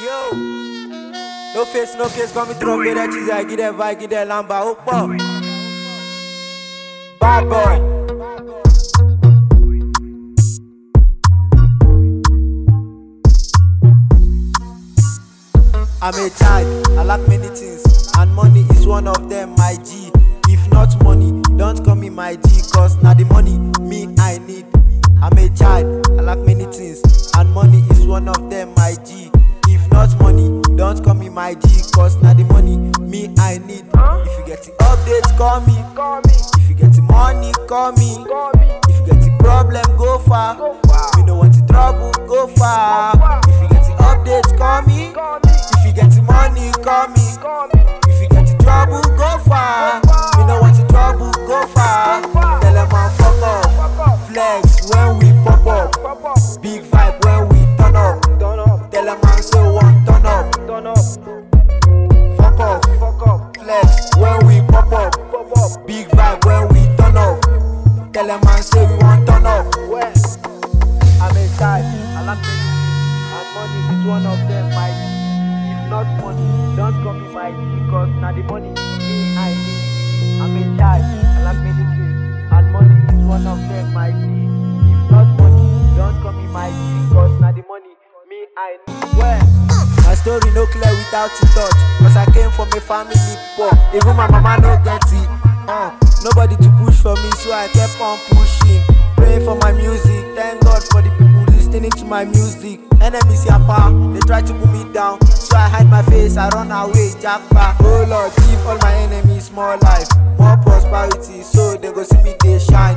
Yo, no face, no case, come and throw me that cheese. I get that vibe, get that lamba, up oh, up. Bad boy. I'm a child, I lack many things, and money is one of them, my G. If not money, don't call me my G, cause now the money me I need. I'm a child, Because now the money me I need. If you get the updates, call me. If you get the money, call me. If you get the problem, go far. We don't want the trouble, go far. If you get the updates, call me. If you get the money, call me. If you get the trouble, go far. We don't want the trouble, go far. Tell them I'm fuck off. Flex when we pop up. Big vibe when we turn up. Tell them I'm so one turn up when we pop up. Big vibe when we turn up. Tell them man say we want turn up. I'm inside. I love and money is one of them, my G. If not money, don't come in my G, cause now the money me I need. I'm in charge, I love medicine, and money is one of them, my G. If not money, don't come in my G, cause now the money me I need story no clear without a touch. Cause I came from a family poor, even my mama no get it. Uh, nobody to push for me, so I kept on pushing. Praying for my music, thank God for the people listening to my music. Enemies yapa, they try to put me down. So I hide my face, I run away, jackpot. Oh Lord, give all my enemies more life, more prosperity, so they go see me, they shine.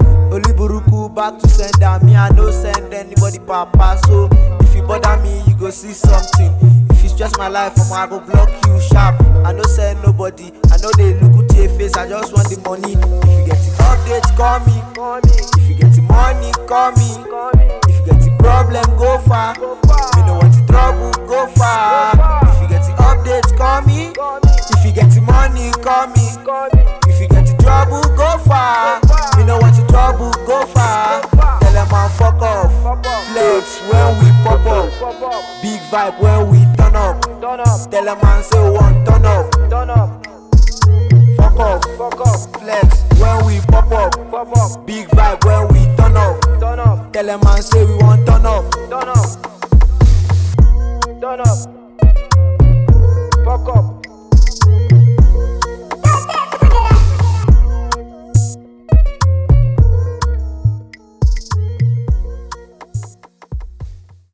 Buruku back to send me, I no send anybody, papa. So if you bother me, you go see something stress my life omo i go block you sharp i no send nobody i know they look at your face i just want the money if you get the update call me if you get the money call me if you get the problem go far you no want the trouble go far if you get the update call me if you get the money call me if you get the trouble go far you no want the trouble go far tell them i fuck off flex when we pop up big vibe when we Turn up. Tell a man say one. Turn up. Turn up. Fuck up. Fuck up. Flex when we pop up. Pop up. Big vibe when we turn up. Turn up. Tell a man say we want turn up. Turn up. Turn up. Fuck up.